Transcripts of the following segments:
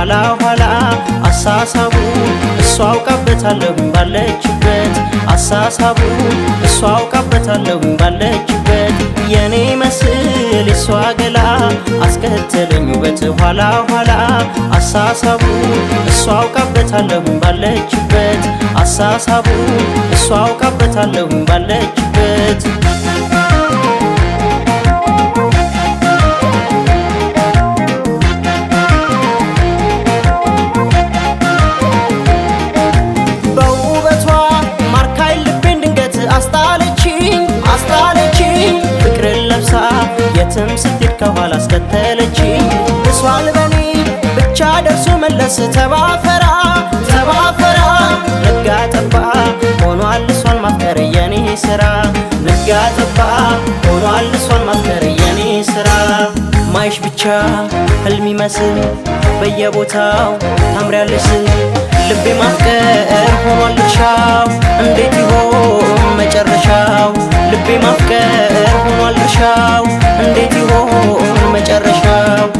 ኋላ ኋላ አሳሳቡ እሷ አውቃበታለሁ ባለችበት አሳሳቡ እሷ አውቃበታለሁ ባለችበት የኔ መስል እሷ ገላ አስከተለኝ ውበት ኋላ ኋላ አሳሳቡ እሷ አውቃበታለሁ ባለችበት አሳሳቡ እሷ አውቃበታለሁ ባለችበት ኋላ አስከተለችኝ። እሷን በኔ ብቻ ደርሶ መለስ ተባፈራ ተባፈራ ነጋ ጠባ ሆኗል እሷን ማፍቀር የኔ ስራ ነጋ ጠባ ሆኗል እሷን ማፍቀር የኔ ስራ ማይሽ ብቻ ህልም ይመስል በየቦታው ታምሪያለሽ ልቤ ማፍቀር ሆኗል ልሻው እንዴት ይሆን መጨረሻው ልቤ ማፍቀር ሆኗል ልሻው እንዴት ይሆን መጨረሻው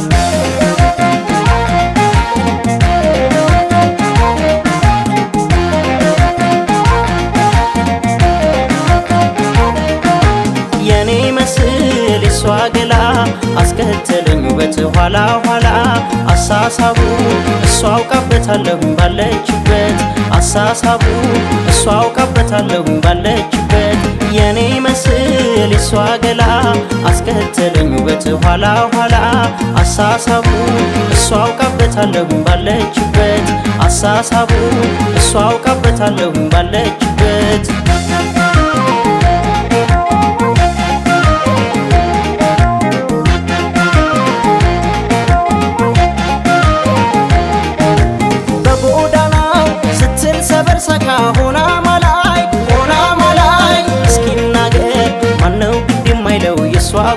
የኔ መስል እሷ ገላ አስከተለኝ ውበት ኋላ ኋላ አሳሳቡ እሷ አውቃበታለሁ ባለችበት አሳሳቡ እሷ አውቃበታለሁ ባለችበት የኔ መስል እሷ ገላ አስከተለኝ ውበት ኋላ ኋላ አሳሳቡ እሷ አውቃበታለሁም ባለችበት አሳሳቡ እሷ አውቃበታለሁም ባለች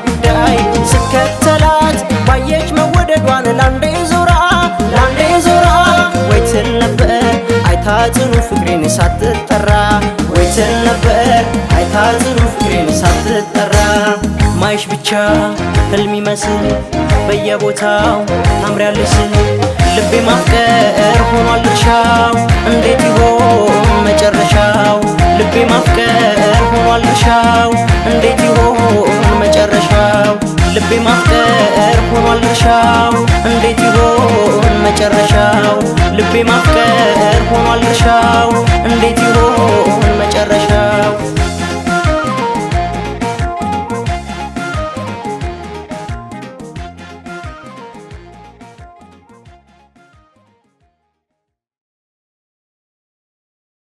ጉዳይ ስከተላት ባየች መወደዷን ላንዴ ዞራ ላንዴ ዞራ ወይትን ነበር አይታ ጽኑ ፍቅሬን ሳትጠራ ነበር አይታ ጽኑ ፍቅሬን ሳትጠራ ማይሽ ብቻ ህልም ይመስል በየቦታው ታምሪያለሽ ልቤ ማፍቀር ሆኗል ድርሻው እንዴት ይሆን መጨረሻው ልቤ ማፍቀር ሆኗል ድርሻው መድረሻው እንዴት ይሆን መጨረሻው? ልቤ ማፍቀር ሆኗል ድርሻው እንዴት ይሆን